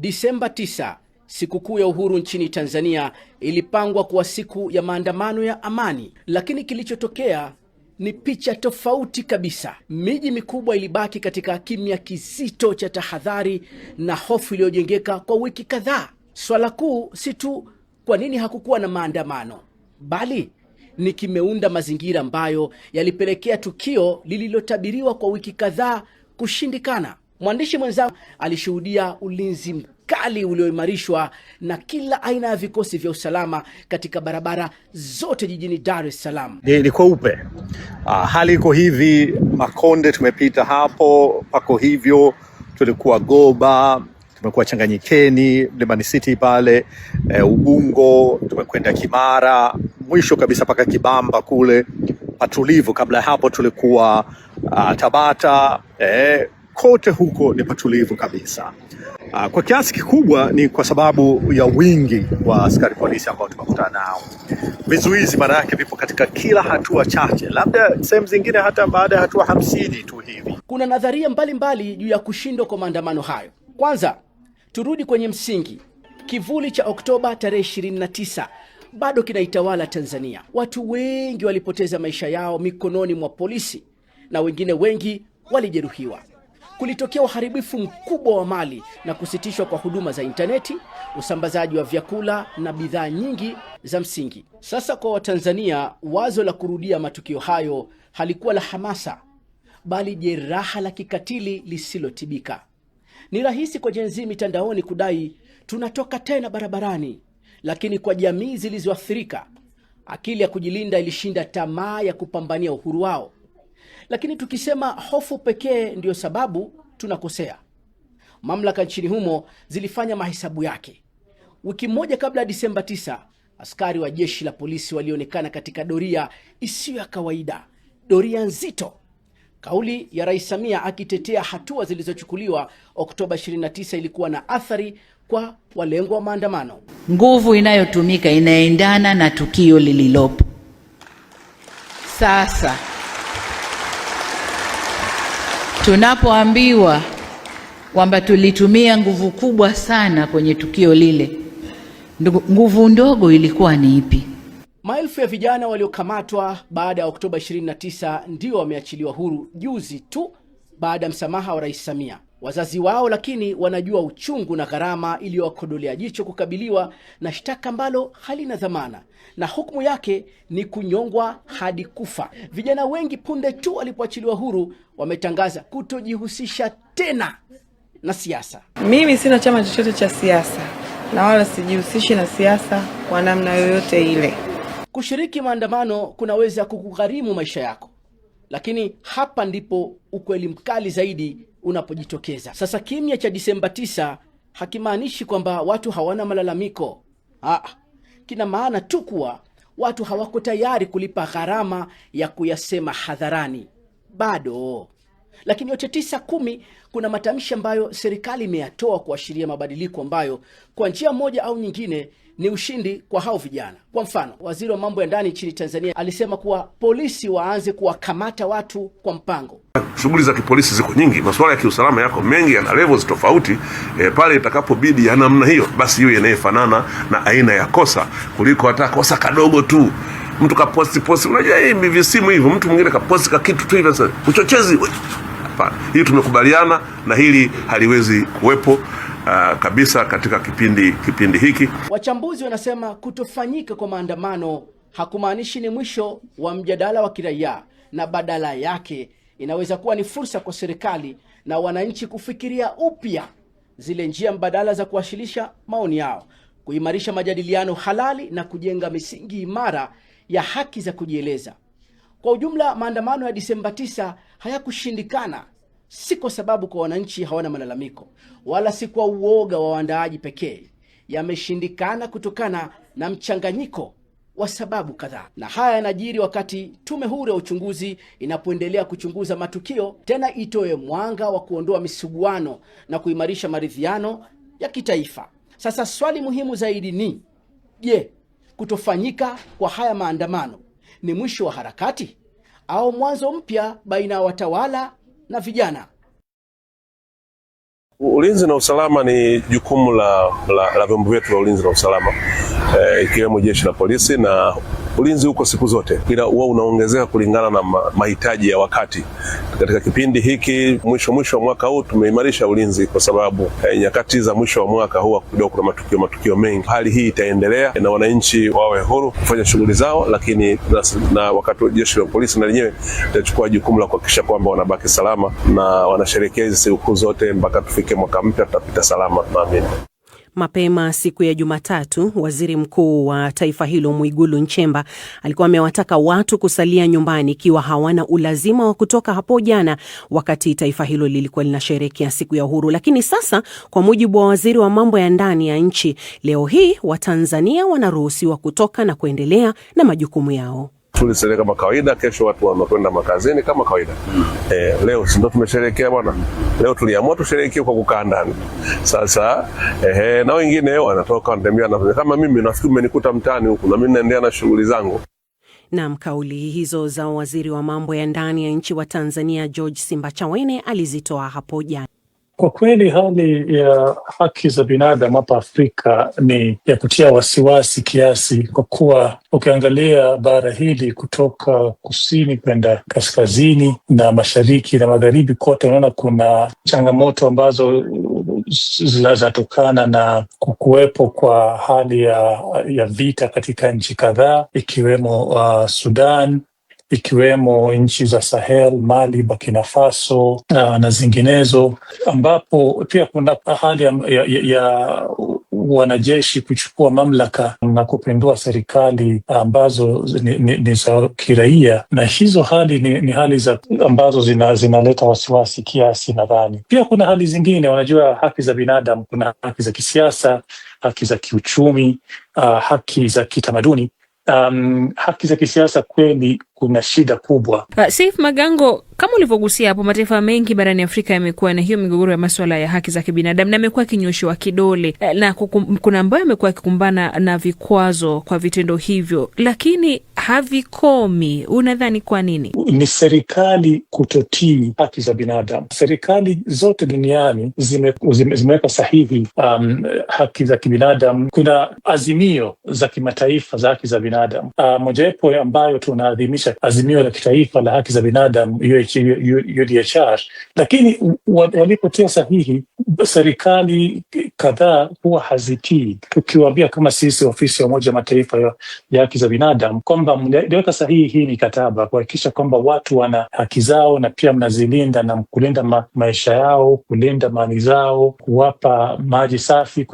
Disemba 9, sikukuu ya uhuru nchini Tanzania ilipangwa kuwa siku ya maandamano ya amani, lakini kilichotokea ni picha tofauti kabisa. Miji mikubwa ilibaki katika kimya kizito cha tahadhari na hofu iliyojengeka kwa wiki kadhaa. Swala kuu si tu kwa nini hakukuwa na maandamano, bali ni kimeunda mazingira ambayo yalipelekea tukio lililotabiriwa kwa wiki kadhaa kushindikana. Mwandishi mwenzangu alishuhudia ulinzi mkali ulioimarishwa na kila aina ya vikosi vya usalama katika barabara zote jijini Dar es Salaam. Ni kweupe. Uh, hali iko hivi. Makonde tumepita hapo, pako hivyo. Tulikuwa Goba, tumekuwa Changanyikeni, Mlimani City pale, e, Ubungo, tumekwenda Kimara, mwisho kabisa paka Kibamba kule patulivu. Kabla ya hapo tulikuwa uh, Tabata, eh, kote huko ni patulivu kabisa. Ah, kwa kiasi kikubwa ni kwa sababu ya wingi wa askari polisi ambao tumekutana nao. Vizuizi mara yake vipo katika kila hatua chache, labda sehemu zingine hata baada ya hatua hamsini tu hivi. Kuna nadharia mbalimbali juu ya kushindwa kwa maandamano hayo. Kwanza turudi kwenye msingi, kivuli cha Oktoba tarehe 29 bado kinaitawala Tanzania. Watu wengi walipoteza maisha yao mikononi mwa polisi na wengine wengi walijeruhiwa kulitokea uharibifu mkubwa wa mali na kusitishwa kwa huduma za intaneti, usambazaji wa vyakula na bidhaa nyingi za msingi. Sasa kwa Watanzania, wazo la kurudia matukio hayo halikuwa la hamasa, bali jeraha la kikatili lisilotibika. Ni rahisi kwa jenzi mitandaoni kudai tunatoka tena barabarani, lakini kwa jamii zilizoathirika, akili ya kujilinda ilishinda tamaa ya kupambania uhuru wao. Lakini tukisema hofu pekee ndiyo sababu, tunakosea. Mamlaka nchini humo zilifanya mahesabu yake. Wiki moja kabla ya Disemba 9, askari wa jeshi la polisi walionekana katika doria isiyo ya kawaida, doria nzito. Kauli ya Rais Samia akitetea hatua zilizochukuliwa Oktoba 29 ilikuwa na athari kwa walengwa wa maandamano. Nguvu inayotumika inaendana na tukio lililopo sasa. Tunapoambiwa kwamba tulitumia nguvu kubwa sana kwenye tukio lile, nguvu ndogo ilikuwa ni ipi? Maelfu ya vijana waliokamatwa baada ya Oktoba 29 ndio wameachiliwa huru juzi tu baada ya msamaha wa Rais Samia wazazi wao, lakini wanajua uchungu na gharama iliyowakodolea jicho kukabiliwa na shtaka ambalo halina dhamana na hukumu yake ni kunyongwa hadi kufa. Vijana wengi punde tu walipoachiliwa huru wametangaza kutojihusisha tena na siasa. Mimi sina chama chochote cha siasa na wala sijihusishi na siasa kwa namna yoyote ile. Kushiriki maandamano kunaweza kukugharimu maisha yako, lakini hapa ndipo ukweli mkali zaidi unapojitokeza. Sasa kimya cha Disemba 9 hakimaanishi kwamba watu hawana malalamiko. Ah, kina maana tu kuwa watu hawako tayari kulipa gharama ya kuyasema hadharani bado. Lakini yote tisa kumi, kuna matamshi ambayo serikali imeyatoa kuashiria mabadiliko ambayo kwa njia moja au nyingine ni ushindi kwa hao vijana. Kwa mfano, waziri wa mambo ya ndani nchini Tanzania alisema kuwa polisi waanze kuwakamata watu kwa mpango. Shughuli za kipolisi ziko nyingi, masuala ya kiusalama yako mengi, yana levels tofauti. E, pale itakapobidi ya namna hiyo, basi hiyo inayefanana na aina ya kosa kuliko hata kosa kadogo tu mtu kaposti posti, unajua hii visimu hivyo, mtu mwingine kaposti ka kitu tu hivyo, uchochezi. Hapana, hii tumekubaliana na hili haliwezi kuwepo uh, kabisa katika kipindi kipindi hiki. Wachambuzi wanasema kutofanyika kwa maandamano hakumaanishi ni mwisho wa mjadala wa kiraia, na badala yake inaweza kuwa ni fursa kwa serikali na wananchi kufikiria upya zile njia mbadala za kuwasilisha maoni yao, kuimarisha majadiliano halali na kujenga misingi imara ya haki za kujieleza. Kwa ujumla, maandamano ya Disemba 9 hayakushindikana si kwa sababu kwa wananchi hawana malalamiko, wala si kwa uoga wa waandaaji pekee. Yameshindikana kutokana na mchanganyiko wa sababu kadhaa, na haya yanajiri wakati Tume Huru ya Uchunguzi inapoendelea kuchunguza matukio, tena itoe mwanga wa kuondoa misuguano na kuimarisha maridhiano ya kitaifa. Sasa swali muhimu zaidi ni je, kutofanyika kwa haya maandamano ni mwisho wa harakati au mwanzo mpya baina ya watawala na vijana. Ulinzi na usalama ni jukumu la, la, la vyombo vyetu vya ulinzi na usalama eh, ikiwemo e, jeshi la polisi na ulinzi uko siku zote, ila huwa unaongezeka kulingana na mahitaji ya wakati. Katika kipindi hiki mwisho mwisho wa mwaka huu tumeimarisha ulinzi kwa sababu eh, nyakati za mwisho wa mwaka huwa kidogo kuna matukio matukio mengi. Hali hii itaendelea eh, na wananchi wawe huru kufanya shughuli zao, lakini na, na wakati jeshi la polisi na lenyewe litachukua jukumu la kuhakikisha kwamba wanabaki salama na wanasherehekea hizi sikukuu zote mpaka tufike mwaka mpya, tutapita salama, naamini. Mapema siku ya Jumatatu, waziri mkuu wa taifa hilo Mwigulu Nchemba alikuwa amewataka watu kusalia nyumbani ikiwa hawana ulazima wa kutoka hapo jana, wakati taifa hilo lilikuwa linasherehekea siku ya uhuru. Lakini sasa, kwa mujibu wa waziri wa mambo ya ndani ya nchi, leo hii Watanzania wanaruhusiwa kutoka na kuendelea na majukumu yao shule zile kama kawaida, kesho watu wanakwenda makazini kama kawaida mm. Eh, leo si ndo tumesherehekea bwana? Hmm. Leo tuliamua tusherehekee kwa kukaa ndani. Sasa eh, na wengine wanatoka wanatembea, na kama mimi nafikiri umenikuta mtaani huku na mimi naendelea na shughuli zangu. Nam, kauli hizo za waziri wa mambo ya ndani ya nchi wa Tanzania George Simbachawene alizitoa hapo jana. Kwa kweli hali ya haki za binadamu hapa Afrika ni ya kutia wasiwasi kiasi, kwa kuwa ukiangalia bara hili kutoka kusini kwenda kaskazini na mashariki na magharibi, kote unaona kuna changamoto ambazo zinazotokana na kuwepo kwa hali ya, ya vita katika nchi kadhaa ikiwemo uh, Sudan ikiwemo nchi za Sahel, Mali, Burkina Faso na zinginezo, ambapo pia kuna hali ya, ya, ya wanajeshi kuchukua mamlaka na kupindua serikali ambazo ni, ni, ni za kiraia, na hizo hali ni, ni hali za ambazo zina, zinaleta wasiwasi kiasi. Nadhani pia kuna hali zingine, wanajua haki za binadamu, kuna haki za kisiasa, haki za kiuchumi, uh, haki za kitamaduni um, haki za kisiasa kweli kuna shida kubwa. Uh, Saif Magango, kama ulivyogusia hapo, mataifa mengi barani Afrika yamekuwa na hiyo migogoro ya masuala ya haki za kibinadamu na amekuwa akinyoshewa kidole eh, na kukum, kuna ambayo amekuwa akikumbana na vikwazo kwa vitendo hivyo, lakini havikomi, unadhani kwa nini? Ni serikali kutotii haki za binadamu. Serikali zote duniani zimeweka zime, zime sahihi um, haki za kibinadamu. Kuna azimio za kimataifa za haki za binadamu uh, mojawapo ambayo tunaadhimisha azimio la kitaifa la haki za binadamu UDHR, lakini walipotia sahihi serikali kadhaa huwa hazitii, tukiwaambia kama sisi ofisi ya Umoja Mataifa ya haki za binadamu kwamba mliweka sahihi hii mikataba kuhakikisha kwamba watu wana haki zao na pia mnazilinda na kulinda ma maisha yao, kulinda mali zao, kuwapa maji safi,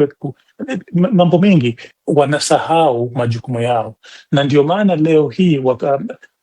mambo mengi, wanasahau majukumu yao, na ndio maana leo hii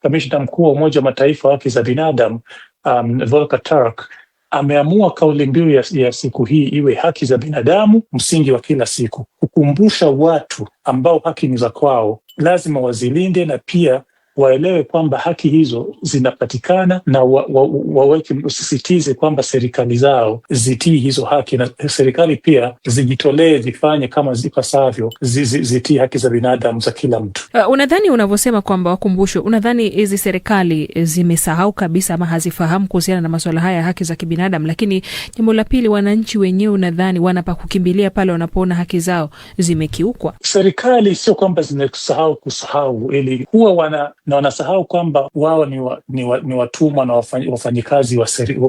kamishna mkuu wa Umoja wa Mataifa wa haki za binadamu um, Volker Turk ameamua kauli mbiu ya, ya siku hii iwe haki za binadamu msingi wa kila siku, kukumbusha watu ambao haki ni za kwao lazima wazilinde na pia waelewe kwamba haki hizo zinapatikana na wa, wa, waweke usisitize kwamba serikali zao zitii hizo haki, na serikali pia zijitolee zifanye kama zipasavyo zi, zi, zitii haki za binadamu za kila mtu. Uh, unadhani unavyosema kwamba wakumbushwe, unadhani hizi serikali zimesahau kabisa ama hazifahamu kuhusiana na masuala haya ya haki za kibinadamu? Lakini jambo la pili, wananchi wenyewe unadhani wanapakukimbilia pale wanapoona haki zao zimekiukwa? Serikali sio kwamba zinasahau kusahau, ili huwa wana na wanasahau kwamba wao ni, wa, ni, wa, ni watumwa na wafanyikazi wa,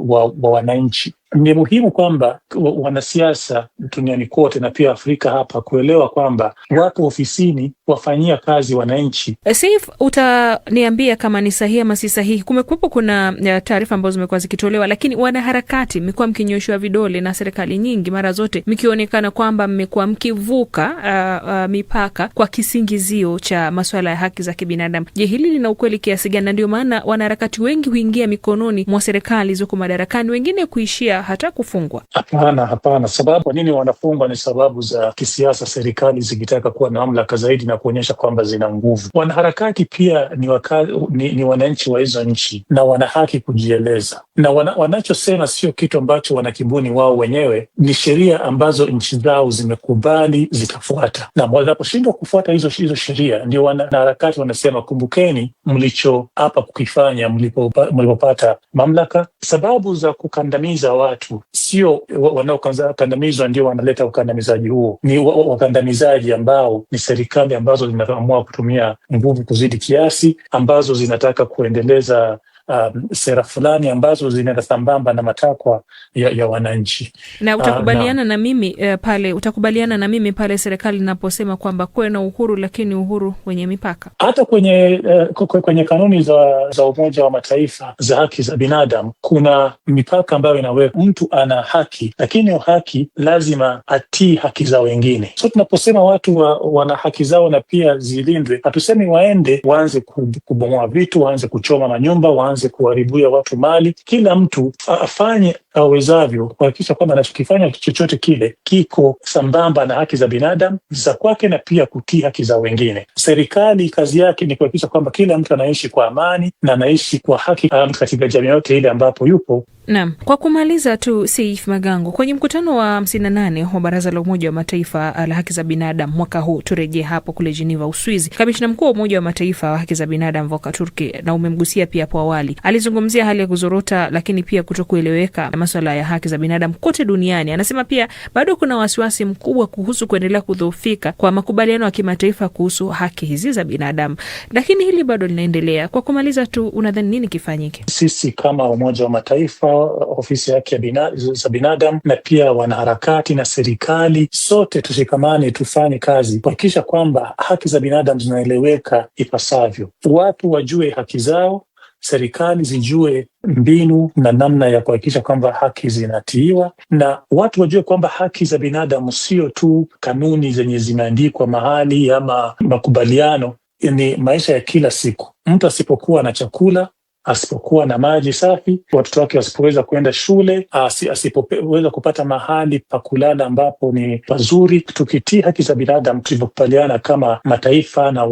wa, wa wananchi. Ni muhimu kwamba wanasiasa duniani kote na pia Afrika hapa kuelewa kwamba wapo ofisini wafanyia kazi wananchi. Eh, Saif, utaniambia kama ni sahihi ama si sahihi. Kumekuwepo kuna taarifa ambazo zimekuwa zikitolewa, lakini wanaharakati mmekuwa mkinyoshwa vidole na serikali nyingi, mara zote mkionekana kwamba mmekuwa mkivuka uh, uh, mipaka kwa kisingizio cha masuala ya haki za kibinadamu. Je, hili lina ukweli kiasi gani? Na ndio maana wanaharakati wengi huingia mikononi mwa serikali zoko madarakani, wengine kuishia hata kufungwa? Hapana, hapana. Sababu kwa nini wanafungwa ni sababu za kisiasa, serikali zikitaka kuwa na mamlaka zaidi na kuonyesha kwamba zina nguvu. Wanaharakati pia ni, waka, ni, ni wananchi wa hizo nchi na wana haki kujieleza, na wana, wanachosema sio kitu ambacho wanakibuni wao wenyewe, ni sheria ambazo nchi zao zimekubali zitafuata, na wanaposhindwa kufuata hizo, hizo sheria ndio wanaharakati wanasema, kumbukeni mlichoapa kukifanya mlipopata mamlaka. Sababu za kukandamiza wa watu, sio wanaokandamizwa ndio wanaleta ukandamizaji huo. Ni wakandamizaji ambao ni serikali ambazo zinaamua kutumia nguvu kuzidi kiasi, ambazo zinataka kuendeleza um, sera fulani ambazo zinaenda sambamba na matakwa ya, ya wananchi. Na ah, utakubaliana uh, na, na mimi uh, pale utakubaliana na mimi pale serikali inaposema kwamba kuwe na uhuru lakini uhuru wenye mipaka. Hata kwenye uh, kwenye kanuni za, za Umoja wa Mataifa za haki za binadamu kuna mipaka ambayo inawekwa. Mtu ana haki, lakini hiyo haki lazima atii haki za wengine. So tunaposema watu wa, wana haki zao na pia zilindwe, hatusemi waende waanze kubomoa vitu, waanze kuchoma manyumba, waanze aanze kuharibuia watu mali. Kila mtu afanye awezavyo kuhakikisha kwamba anachokifanya chochote kile kiko sambamba na haki za binadamu za kwake na pia kutii haki za wengine. Serikali kazi yake ni kuhakikisha kwamba kila mtu anaishi kwa amani na anaishi kwa haki um, katika jamii yote ile ambapo yupo. Naam, kwa kumaliza tu Seif Magango, kwenye mkutano wa hamsini na nane wa Baraza la Umoja wa Mataifa la haki za binadamu mwaka huu, turejee hapo kule Geneva, Uswizi, kamishina mkuu wa Umoja wa Mataifa wa haki za binadamu Volker Turk na umemgusia pia hapo awali awali. Alizungumzia hali ya kuzorota lakini pia kutokueleweka na maswala ya haki za binadamu kote duniani. Anasema pia bado kuna wasiwasi mkubwa kuhusu kuendelea kudhoofika kwa makubaliano ya kimataifa kuhusu haki hizi za binadamu, lakini hili bado linaendelea. Kwa kumaliza tu, unadhani nini kifanyike? Sisi kama Umoja wa Mataifa, ofisi ya haki za binadamu na pia wanaharakati na serikali, sote tushikamane, tufanye kazi kuhakikisha kwamba haki za binadamu zinaeleweka ipasavyo, watu wajue haki zao serikali zijue mbinu na namna ya kuhakikisha kwamba haki zinatiiwa, na watu wajue kwamba haki za binadamu sio tu kanuni zenye zimeandikwa mahali ama makubaliano, ni maisha ya kila siku. Mtu asipokuwa na chakula asipokuwa na maji safi, watoto wake wasipoweza kuenda shule, asipoweza kupata mahali pa kulala ambapo ni pazuri, tukitii haki za binadamu tulivyokubaliana kama mataifa na